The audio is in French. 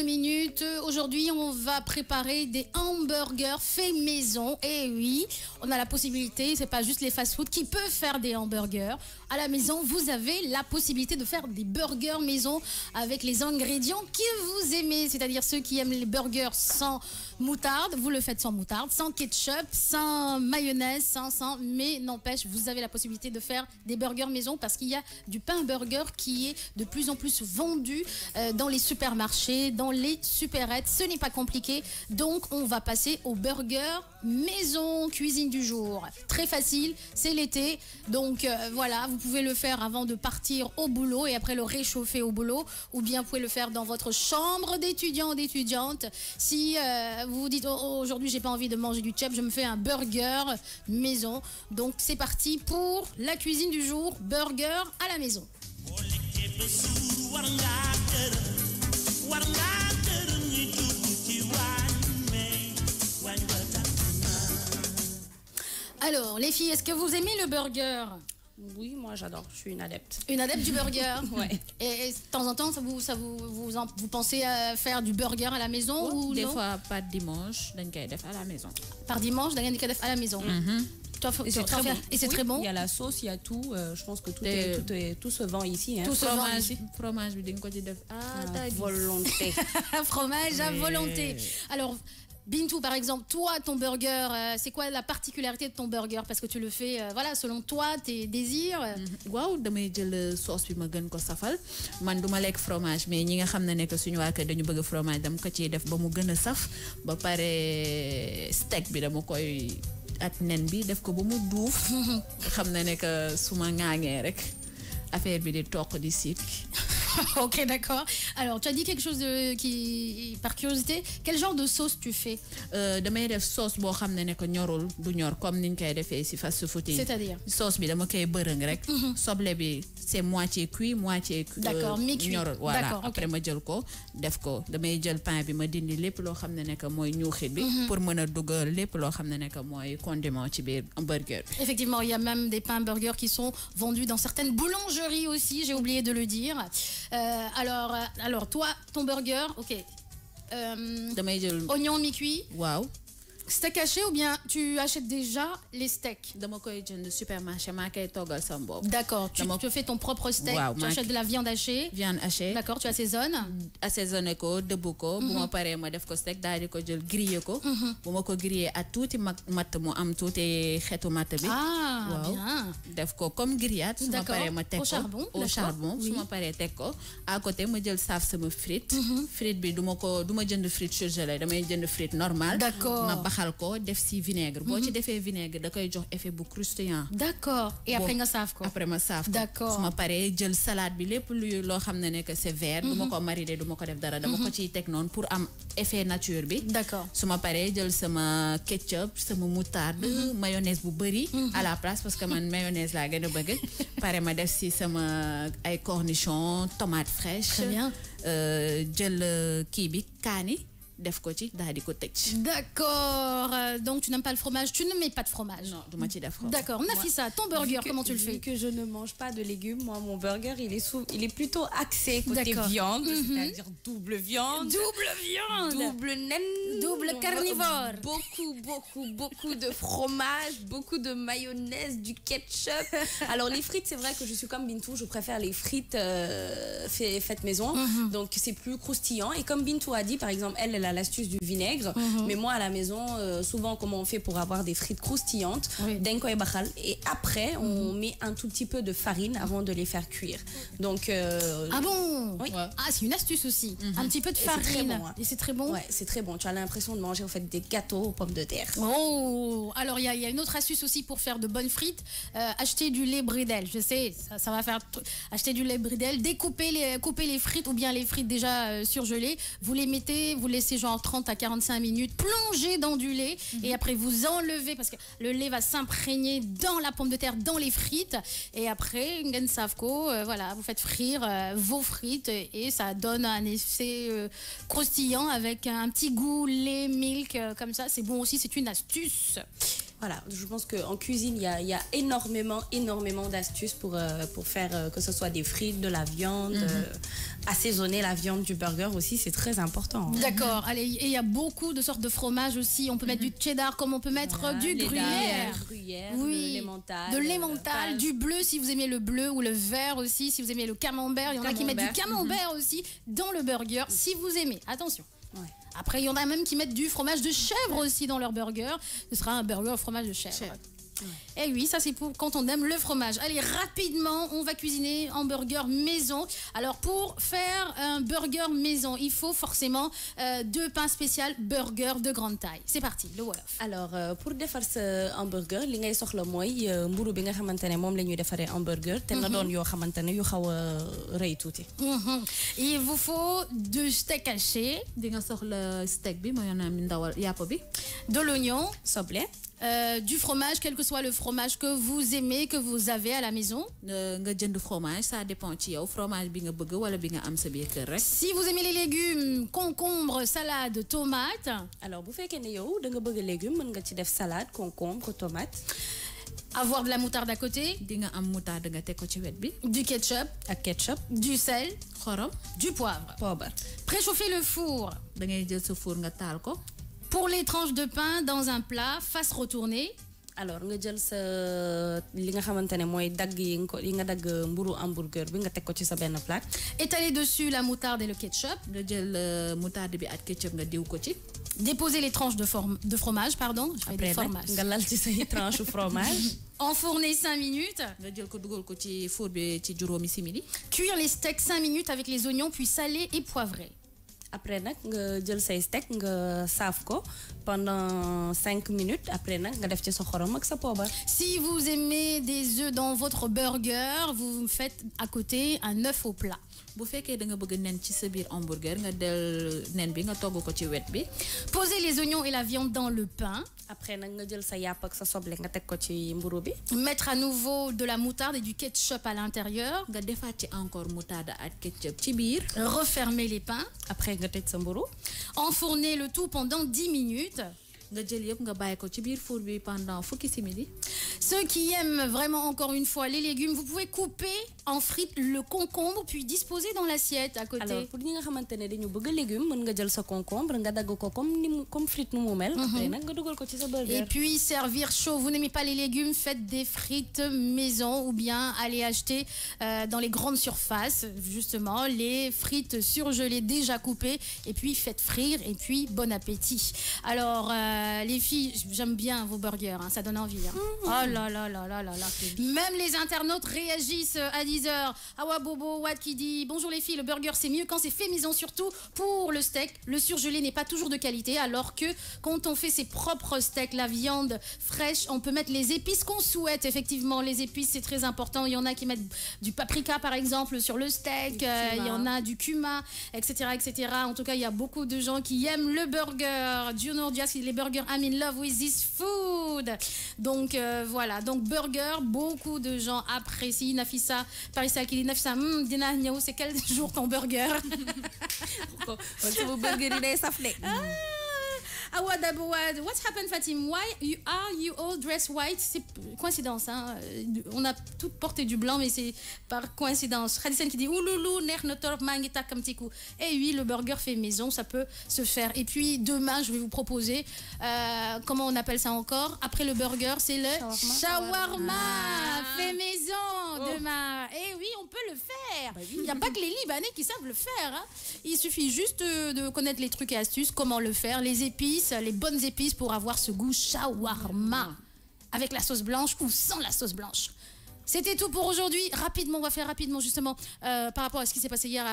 minutes. Aujourd'hui, on va préparer des hamburgers faits maison. Et eh oui, on a la possibilité, c'est pas juste les fast-food qui peuvent faire des hamburgers. À la maison, vous avez la possibilité de faire des burgers maison avec les ingrédients que vous aimez, c'est-à-dire ceux qui aiment les burgers sans moutarde, vous le faites sans moutarde, sans ketchup, sans mayonnaise, sans sans, mais n'empêche, vous avez la possibilité de faire des burgers maison parce qu'il y a du pain burger qui est de plus en plus vendu euh, dans les supermarchés, dans les supérettes. Ce n'est pas compliqué. Donc, on va passer au burger maison cuisine du jour. Très facile, c'est l'été. Donc, euh, voilà, vous pouvez le faire avant de partir au boulot et après le réchauffer au boulot. Ou bien, vous pouvez le faire dans votre chambre d'étudiant d'étudiante. Si euh, vous dites, oh, aujourd'hui, j'ai pas envie de manger du chef, je me fais un burger maison. Donc, c'est parti pour la cuisine du jour. Burger à la maison. Oh, alors, les filles, est-ce que vous aimez le burger Oui, moi j'adore, je suis une adepte. Une adepte du burger Ouais. Et, de temps en temps, ça vous, ça vous, vous, pensez à faire du burger à la maison ou des fois pas de dimanche d'un à la maison Par dimanche, d'un kadef à la maison. Mm-hmm. Et c'est très, bon. oui, Il y a la sauce, il y a tout. Euh, je pense que tout, est, tout, est, tout, se vend ici. Hein. Tout se fromage, vend ici. Fromage, ah, ah volonté. fromage à volonté. Alors, Bintou, par exemple, toi, ton burger, euh, c'est quoi la particularité de ton burger Parce que tu le fais, euh, voilà, selon toi, tes désirs. Mhm. waaw damay la sauce qui me gën safal man du ma fromage mais je nga que si on suñu waa dañu bëgg fromage dama ko ciy def ba mu gën saf ba pare steak bi dama ak nen bi def ko ba mu duuf xam na ne que su ma ŋaaŋee rek affaire bi di toq di siit ok, d'accord. Alors, tu as dit quelque chose qui, par curiosité, quel genre de sauce tu fais euh, damay def sauce qui est ne ñorul comme niñ koy si fast food c'est-à-dire sauce bi dama koy à rek. Mhm. soble bi c'est moitié cuit moitié. Euh, d'accord mi-cuit voilà après ma jël ko def ko damay jël pain bi ma dindi lépp loo xam je ne que mooy le bi. Mhm. pour mën a dugal lépp loo xam ne que condiment ci biir burger. effectivement il y a même des pains burgers qui sont vendus dans certaines boulangeries aussi j'ai oublié de le dire. Euh, alors, euh, alors, toi, ton burger, ok. Euh, oignon mi-cuit. Wow. Steak haché ou bien tu achètes déjà les steaks D'accord, tu, fais ton propre steak, tu achètes de la viande hachée. Viande hachée. D'accord, tu assaisonnes Assaisonne ko, de boko. Mhm. de steak, à Ah, def ko comme grillade. su ma paree ma teg ko au charbon suma charbon su ma ko. à côté ma jël saaf sama frite. Mhm. frite bi du ko du ma jënd frite surgelée damay jënd frite normal ma baxal ko def si vinaigre. bo ci mhm. defee vinaigre da koy jox effet bu croustillant. d'accord et après nga saaf ko. après ma saaf ko d'accord su jël salade bi lépp luy lo xamné ne que c'est vert. du mhm. ko mariner du ko def dara. dama ko ci tek non pour am effet nature bi. d'accord su ma jël sama ketchup sama moutarde. mayonnaise bu bëri. à la place parce que man mayonnaise française laa gën a bëgg pare ma def si sama ay cornichon tomate fraîche euh, gel euh, bi kaani def d'accord euh, donc tu n'aimes pas le fromage tu ne mets pas de fromage. non moitié moitié d'accord on a fait ça ton burger comment tu le fais. vu que je ne mange pas de légumes moi mon burger il est il est plutôt axé côté viande. Mhm. c'est-à-dire double viande. double viande double double carnivore. beaucoup beaucoup beaucoup de fromage beaucoup de mayonnaise du ketchup alors les frites c'est vrai que je suis comme Bintou je préfère les frites euh, faites maison. Mhm. donc c'est plus croustillant et comme Bintou a dit par exemple elle elle a l'astuce du vinaigre. Mhm. Mais moi, à la maison, euh, souvent, comment on fait pour avoir des frites croustillantes oui. et bachal. Et après, on mhm. met un tout petit peu de farine avant de les faire cuire. Donc. Euh, ah bon Ah, c'est une astuce aussi. Un mhm. petit peu de farine. Et c'est très bon. c'est très bon. Ouais, c'est très bon. Tu as l'impression de manger en fait des gâteaux aux pommes de terre. Oh Alors, il y, y, a une autre astuce aussi pour faire de bonnes frites. Euh, acheter du lait bridel. Je sais, ça, va faire. acheter du lait bridel, découper les, couper les frites ou bien les frites déjà surgelées. Vous les mettez, vous laissez genre 30 à 45 minutes, plongez dans du lait mhm. et après vous enlevez parce que le lait va s'imprégner dans la pomme de terre, dans les frites. Et après, une euh, voilà, vous faites frire euh, vos frites et ça donne un effet euh, croustillant avec un petit goût lait, milk, comme ça. C'est bon aussi, c'est une astuce. Voilà, je pense qu'en cuisine, il y a, énormément, énormément d'astuces pour, euh, faire euh, que ce soit des frites, de la viande, mhm. euh, assaisonner la viande du burger aussi, c'est très important. Hein. D'accord, allez, et il y a beaucoup de sortes de fromages aussi. On peut mettre mhm. du cheddar comme on peut mettre du gruyère. oui, de lémental du bleu si vous aimez le bleu ou le vert aussi, si vous aimez le camembert. Il y en a qui mettent du camembert mhm. aussi dans le burger si vous aimez. Attention. Après, il y en a même qui mettent du fromage de chèvre aussi dans leur burger. Ce sera un burger au fromage de chèvre. Et eh oui, ça c'est pour quand on aime le fromage. Allez, rapidement, on va cuisiner un burger maison. Alors pour faire un burger maison, il faut forcément euh, deux pains spéciaux burger de grande taille. C'est parti, le Wolof. Alors euh, pour faire ce hamburger, li ngay soxla moy euh, mburu bi nga xamantene mom lañuy un hamburger té na mhm. yo le yu xawa touti. Mhm. Il vous faut deux steaks hachés. Di sur le steak bi moy na mi ndawal bi. De l'oignon, plaît. Euh, du fromage, quel que soit le fromage que vous aimez, que vous avez à la maison. du fromage, ça dépend fromage Si vous aimez les légumes, concombre, salade, tomate. Alors, vous faites que les légumes, vous avez salade, concombre, tomate. Avoir de la moutarde à côté. moutarde Du ketchup. À ketchup. Du sel. Du poivre. Préchauffer le four pour les tranches de pain dans un plat face retournée. alors nga jël ce li nga xamante ne mooy yi nga ko nga mburu hamburger bi nga teg ko ci sa plaque. étaler dessus la moutarde et le ketchup. nga jël euh, moutarde bi ak ketchup nga diw ko ci. déposer les tranches de de fromage pardon. je fais des fromages nga lal ci tranches tranche fromage. enfourner 5 minutes. nga jël ko ko ci four bi ci juróomi simili. cuire les steaks 5 minutes avec les oignons puis saler et poivrer après nak nga jël say steak nga saaf ko pendant 5 minutes après nak nga def ci sa xorom ak sa poobar. si vous aimez des œufs dans votre burger vous faites à côté un œuf au plat. bu fekkee da nga bëgg nen ci sa biir hamburger nga del nen bi nga togg ko ci wet bi. posez les oignons et la viande dans le pain. après nak nga jël sa yàpp ak sa soble nga teg ko ci mburu bi. mettre à nouveau de la moutarde et du ketchup à l'intérieur. nga defaat ci encore moutarde ak ketchup ci biir. refermer les pains. après Enfourner le tout pendant 10 minutes. nga jël yëpp nga bàyyi ko ci biir four bi pendant fukki simili ceux qui aiment vraiment encore une fois les légumes, vous pouvez couper en frites le concombre puis disposer dans l'assiette à côté. Alors pour légumes concombre comme frites mhm. Et puis servir chaud vous n'aimez pas les légumes faites des frites maison ou bien allez acheter euh, dans les grandes surfaces justement les frites surgelées déjà coupées et puis faites frire et puis bon appétit. Alors euh, les filles j'aime bien vos burgers hein. ça donne envie. Hein. Mm. Oh même les internautes réagissent euh, à 10h. Awa Bobo, Watt qui dit Bonjour les filles, le burger c'est mieux quand c'est fait maison, surtout pour le steak. Le surgelé n'est pas toujours de qualité, alors que quand on fait ses propres steaks, la viande fraîche, on peut mettre les épices qu'on souhaite. Effectivement, les épices c'est très important. Il y en a qui mettent du paprika par exemple sur le steak, euh, il y en a du cumin, etc., etc. En tout cas, il y a beaucoup de gens qui aiment le burger. les burgers I'm in love with this food. Donc euh, voilà. Voilà, donc burger, beaucoup de gens apprécient. Nafissa, Paris Akili, Nafissa, hmm, Dina c'est quel jour ton burger Awad Abouad, what happened Fatim Why you are you all dressed white C'est coïncidence, hein euh, On a toutes porté du blanc, mais c'est par coïncidence. Khadisan qui dit Ouloulou, ner notor mangita kamtiku. Et eh oui, le burger fait maison, ça peut se faire. Et puis demain, je vais vous proposer, euh, comment on appelle ça encore Après le burger, c'est le shawarma, ah. fait maison oh. demain. Et eh oui, on peut le faire. Bah Il n'y a pas que les Libanais qui savent le faire. Hein. Il suffit juste euh, de connaître les trucs et astuces, comment le faire, les épices les bonnes épices pour avoir ce goût shawarma avec la sauce blanche ou sans la sauce blanche. C'était tout pour aujourd'hui. Rapidement, on va faire rapidement justement euh, par rapport à ce qui s'est passé hier.